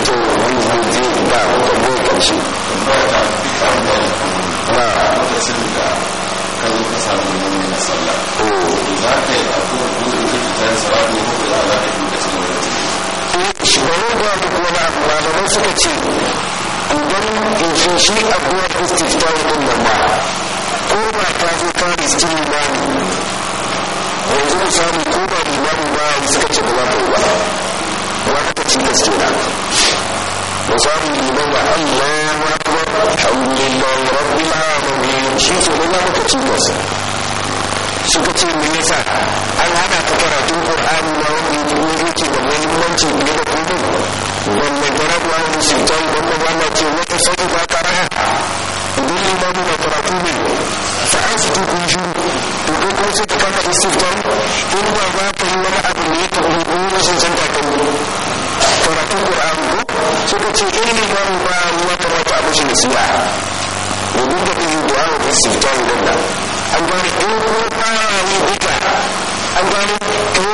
S1: to wani zai ba ka goyi ƙarshe na kan yi na sallah. Oh. Za ka yi abubuwan da ne ko da shigarar da abu kuma ba malamai suka ce idan yaushe shi abuwar istiftar din nan ba ko ba ta zo ta riskin limani yanzu misali ko ba limani ba suka ce ba za ta yi ba ba ta ci gaske na misali liman ba Allah wa akbar alhamdulillah rabbil alamin shi ke nan ya maka cikas suka ce me yasa an hana ka karatun qur'ani ma wanda yake ne yake da muhimmanci ne da kuma wanda garab ma wani sultan wanda ba na ce wata sabu ba kara idan limamu da karatu ne fa an su tukun shiru to ko kuma sai ka kama sultan in ba ba ka yi wani abu ne ka kuma kuma rashin san takalmi karatun qur'ani ko suka ce in limamu ba wata wata abu shi ne siya da duk da kuma du'a wa sultan din nan an gane ko ko fara ne ita an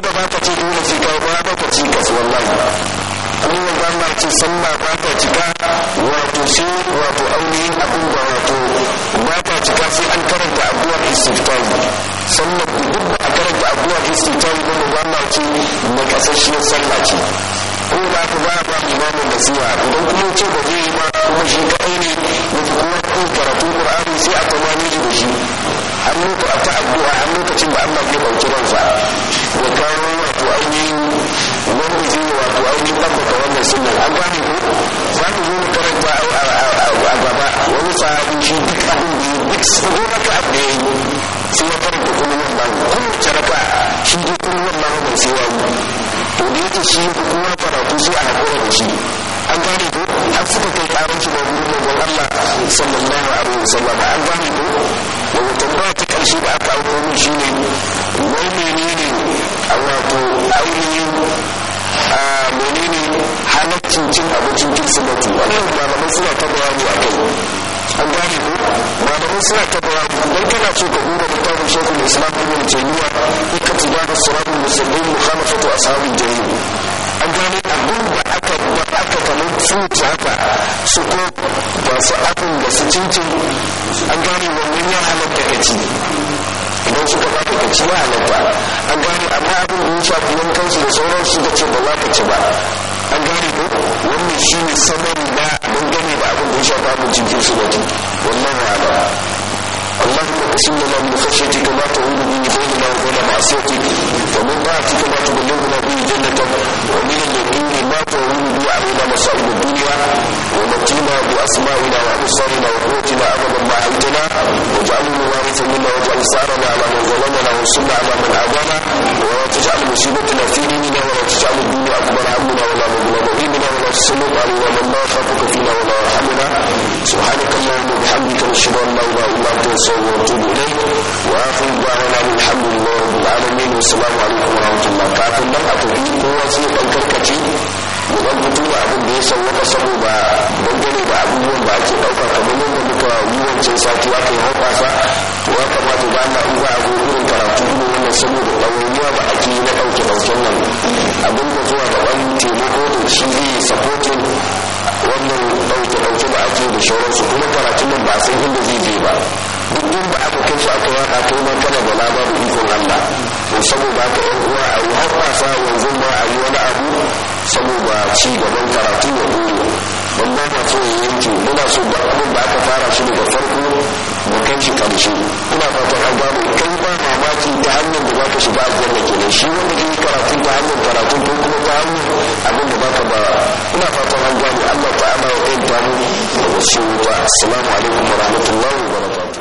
S1: da ba ta ce dole sai kai ba ba ta ce kas wallahi Allah ba ma ci sallah ba ta ci ka wato shi wato aure abin da wato ba ta ci ka sai an karanta abuwar istiftahi sannan duk ba a karanta abuwar istiftahi ba ba ma ce na kasashiyar sallah ce ko ba ku ba ba mu mamun nasiha idan kuma ce ba zai yi ba kuma shi kadai ne ya fi kuma kun karatu qur'ani sai a kuma da shi an muku a ta addu'a an lokacin da Allah ya dauki ransa ya kawo wato ainihin wanda zai yi wato ainihin tabbata wannan sunan an ba ni ko za mu zo karanta a gaba wani sahabi shi duk abin da duk da ya yi sai ya karanta kuma yin bahu kowace raka shi dai kuma yin bahu mai sai yayi to da yake shi kuma karatu sai a hakura da shi an gane ko har suka kai karon shi da gurin manzon Allah sallallahu alaihi wasallam an gane ko da tambaya ta karshe da aka aure mun shine wai menene a wato aure a menene halaccin cin abincin kirsimeti wannan malamai suna ta bayani a kai an gane ko ba da mun suna tabawa don kana so ka duba littafin shekul islam ibn taymiya ka tuba da siratul mustaqim mukhalafatu ashabil jahil an gane abin da aka da aka kamar tsuci haka su ko ba su abin da su cincin an gane wannan ya halatta ka ci idan suka ba ka ci ya halatta an gane amma abin da ya shafi yankansu da sauransu da ce ba za ka ci ba an gane ko wannan shi ne saman da dangane da abin da ya shafa abincin kirsimeti wannan ya ba اللهم اقسم لنا من خشيتك ما تعود به بيننا وبين معصيتك ومن طاعتك ما تبلغنا به جنتك ومن اليقين ما تعود به علينا مصائب الدنيا ومتنا باسمائنا وابصارنا وقوتنا ابدا ما احيتنا واجعله وارثا منا واجعل ثارنا على من ظلمنا وانصرنا على من عادانا ولا تجعل مصيبتنا في ديننا ولا تجعل الدنيا اكبر همنا ولا مبلغ علمنا ولا تسلط علينا من لا يخافك فينا ولا يرحمنا سبحانك اللهم وبحمدك نشهد ان لا اله الا انت ورسوله واتوب اليه واخر دعوانا الحمد لله رب العالمين والسلام عليكم ورحمه الله kafin nan a tafi kowa sai dan karkace mu zan fito da abin da ya sauwaka saboda dangane da abubuwan ake ɗauka kamar yadda muka yi wancan sati aka yi hoɓasa to ya kamata da Allah in za a zo irin karatu ne wannan saboda ɗawainiya ba ake yi na ɗauke ɗauken nan abin da zuwa gaban taimako da shi zai supporting wannan ɗauke ɗauke da ake da shauransu kuma karatun nan ba san inda zai je ba domin ba aka kai su aka yaka ka kuma kana da labarin ikon Allah don saboda ka yi uwa a yi har wasa yanzu ba a yi wani abu saboda ci gaban karatu ya dole don ba ka so ya yanke muna so da abin da aka fara shi daga farko mu kan shi karshe ina fatan an gano kai ba mamaki ta hanyar da za ka shiga aljanna kenan shi wanda ke karatu ta hanyar karatu ko kuma ta hanyar abin da ba ka ba ina fatan an gano Allah ta'ala ya kai ta mu da wasu ta assalamu alaikum wa rahmatullahi wa barakatuh